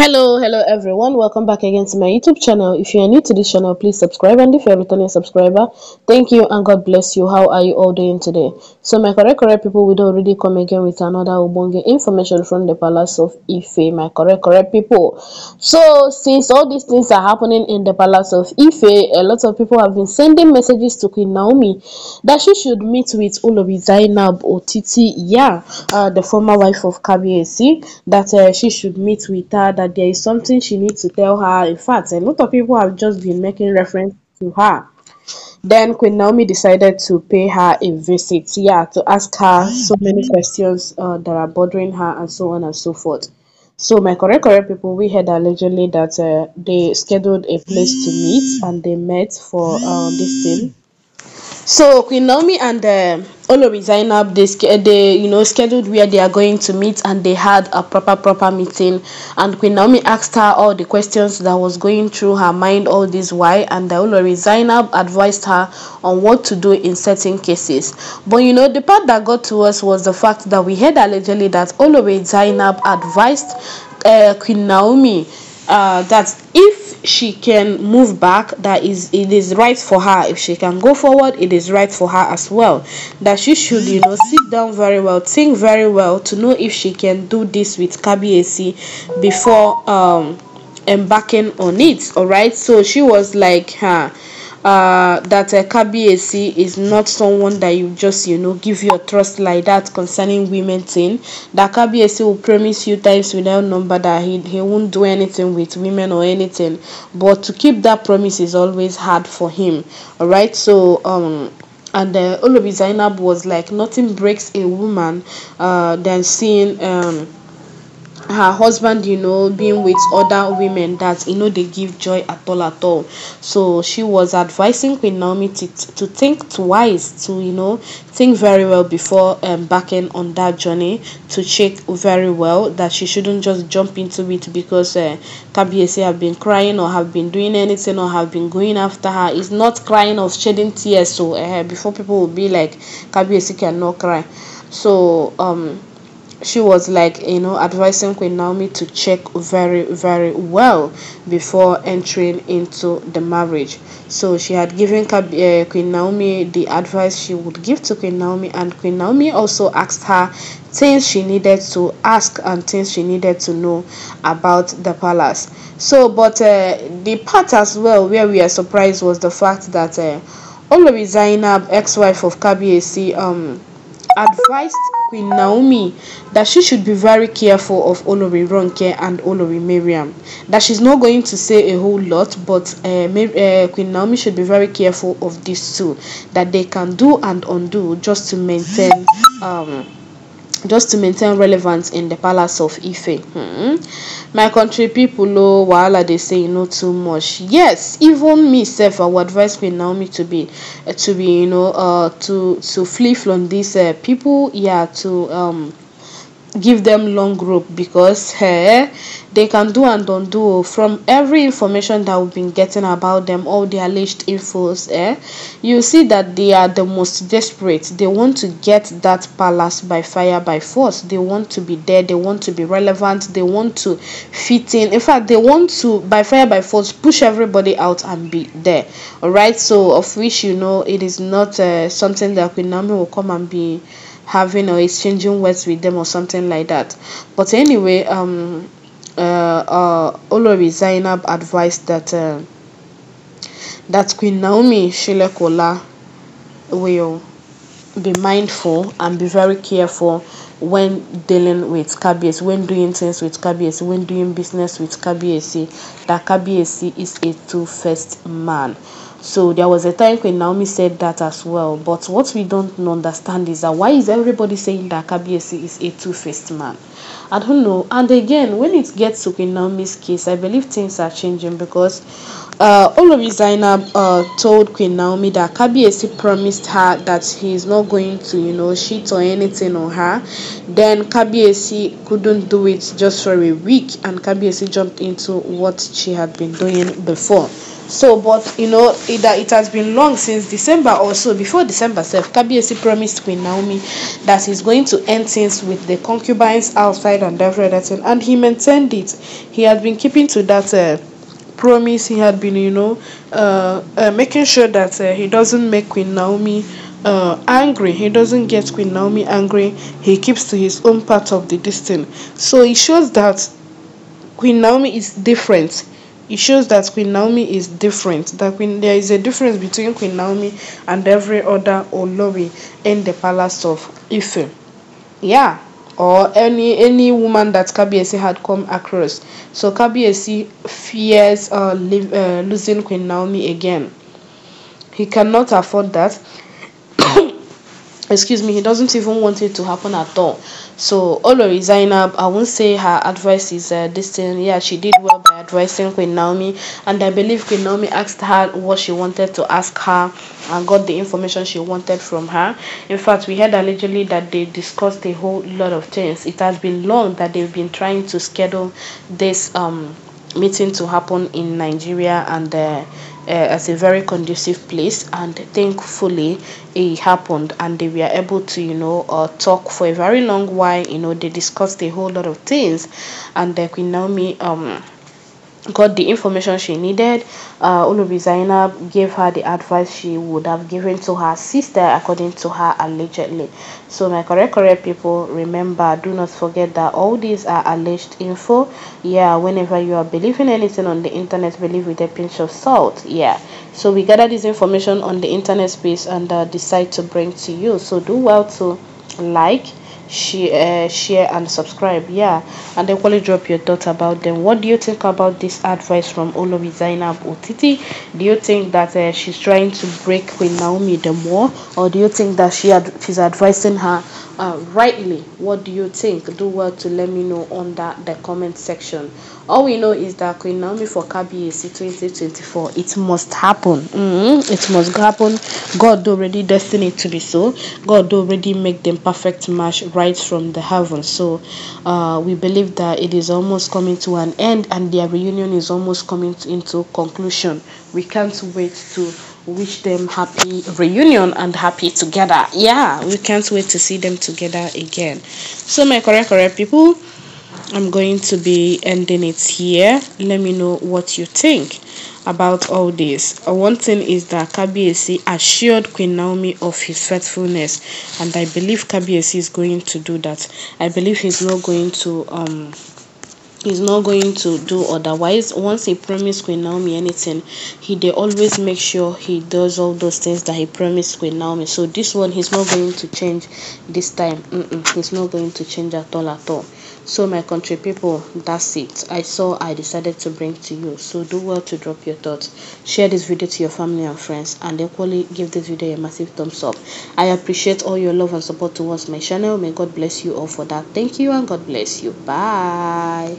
hello hello everyone welcome back again to my youtube channel if you are new to this channel please subscribe and if you're a returning subscriber thank you and god bless you how are you all doing today so my correct correct people we don't really come again with another ubonge information from the palace of ife my correct correct people so since all these things are happening in the palace of ife a lot of people have been sending messages to queen naomi that she should meet with olobi zainab otiti yeah uh, the former wife of kbac that uh, she should meet with her that that there is something she needs to tell her. In fact, a lot of people have just been making reference to her. Then Queen Naomi decided to pay her a visit, yeah, to ask her so mm-hmm. many questions uh, that are bothering her and so on and so forth. So my correct correct people, we heard allegedly that uh, they scheduled a place to meet mm. and they met for um, this thing so Queen Naomi and uh, um, Olori Zainab, they, they you know scheduled where they are going to meet, and they had a proper proper meeting. And Queen Naomi asked her all the questions that was going through her mind all this while, and uh, Olori Zainab advised her on what to do in certain cases. But you know the part that got to us was the fact that we heard allegedly that Olori Zainab advised uh, Queen Naomi uh, that if she can move back that is it is right for her if she can go forward it is right for her as well that she should you know sit down very well think very well to know if she can do this with KBAC before um embarking on it all right so she was like huh uh, that uh, KBAC is not someone that you just, you know, give your trust like that concerning women thing. That KBAC will promise you times without number that he, he won't do anything with women or anything. But to keep that promise is always hard for him. Alright, so, um, and uh, Olobi Zainab was like, nothing breaks a woman uh, than seeing... Um, her husband you know being with other women that you know they give joy at all at all so she was advising queen naomi to, to think twice to you know think very well before um, embarking um, on that journey to check very well that she shouldn't just jump into it because uh, have been crying or have been doing anything or have been going after her it's not crying or shedding tears so uh, before people will be like KBSA cannot cry so um she was like you know advising Queen Naomi to check very very well before entering into the marriage so she had given uh, Queen Naomi the advice she would give to Queen Naomi and Queen Naomi also asked her things she needed to ask and things she needed to know about the palace so but uh, the part as well where we are surprised was the fact that uh, Olori Zainab ex-wife of Kabiesi um advised Queen Naomi that she should be very careful of Olori Ronke and Olori Miriam. That she's not going to say a whole lot, but uh, uh, Queen Naomi should be very careful of these two. That they can do and undo just to maintain um, just to maintain relevance in the palace of ife hmm. my country people, o oh, wahala they say you no too much yes even me i would advise now naomi to be to be you know uh, to to flee from these uh, yeah to um give them long rope because hey, eh, they can do and undo from every information that we've been getting about them all the alleged infos eh, you see that they are the most desperate they want to get that palace by fire by force they want to be there they want to be relevant they want to fit in in fact they want to by fire by force push everybody out and be there all right so of which you know it is not uh, something that we Naomi will come and be having or exchanging words with them or something like that. But anyway, um, uh, uh, Olori Zainab advised that uh, that Queen Naomi Shilekola will be mindful and be very careful when dealing with KBS, when doing things with KBS, when doing business with KBS, that KBS is a two-faced man. So there was a time when Naomi said that as well. But what we don't understand is that why is everybody saying that Kabiesi is a two-faced man? I don't know. And again, when it gets to Queen Naomi's case, I believe things are changing because uh, all of Zainab uh, told Queen Naomi that Kabiesi promised her that he's not going to, you know, cheat or anything on her. Then Kabiesi couldn't do it just for a week and Kabiesi jumped into what she had been doing before so but you know either it has been long since december or so before december self kbsc promised queen naomi that he's going to end things with the concubines outside and everything and he maintained it he had been keeping to that uh, promise he had been you know uh, uh, making sure that uh, he doesn't make queen naomi uh, angry. He doesn't get Queen Naomi angry. He keeps to his own part of the distance. So it shows that Queen Naomi is different it shows that Queen Naomi is different. That Queen, there is a difference between Queen Naomi and every other Olori in the palace of Ife. Yeah, or any any woman that Kabiesi had come across. So Kabiesi fears uh, live, uh, losing Queen Naomi again. He cannot afford that excuse me, he doesn't even want it to happen at all. So Olori Zainab, I won't say her advice is uh, this thing. Yeah, she did well by advising Queen Naomi, and I believe Queen Naomi asked her what she wanted to ask her and got the information she wanted from her. In fact, we heard allegedly that they discussed a whole lot of things. It has been long that they've been trying to schedule this um meeting to happen in Nigeria and uh, uh, as a very conducive place and thankfully it happened and they were able to you know uh, talk for a very long while you know they discussed a whole lot of things and uh, Queen Naomi um got the information she needed. Uh, Ulubi Zainab gave her the advice she would have given to her sister according to her allegedly. So my correct correct people, remember, do not forget that all these are alleged info. Yeah, whenever you are believing anything on the internet, believe with a pinch of salt. Yeah. So we gather this information on the internet space and uh, decide to bring to you. So do well to like, share uh, share and subscribe yeah and then quickly drop your thoughts about them what do you think about this advice from Olomi Zainab Otiti do you think that uh, she's trying to break with Naomi the more or do you think that she ad she's advising her uh, rightly what do you think do well to let me know under the comment section all we know is that queen naomi for kbac 2024 it must happen mm -hmm. it must happen god already destined to be so god already make them perfect match right from the heaven so uh, we believe that it is almost coming to an end and their reunion is almost coming to, into conclusion we can't wait to wish them happy reunion and happy together. Yeah, we can't wait to see them together again. So my correct correct people, I'm going to be ending it here. Let me know what you think about all this. Uh, one thing is that Kabiesi assured Queen Naomi of his faithfulness and I believe Kabiesi is going to do that. I believe he's not going to um he's not going to do otherwise. Once he promised Queen Naomi anything, he they always make sure he does all those things that he promised Queen Naomi. So this one he's not going to change this time. Mm -mm, he's not going to change at all at all. So my country people, that's it. I saw I decided to bring to you. So do well to drop your thoughts. Share this video to your family and friends and equally give this video a massive thumbs up. I appreciate all your love and support towards my channel. May God bless you all for that. Thank you and God bless you. Bye.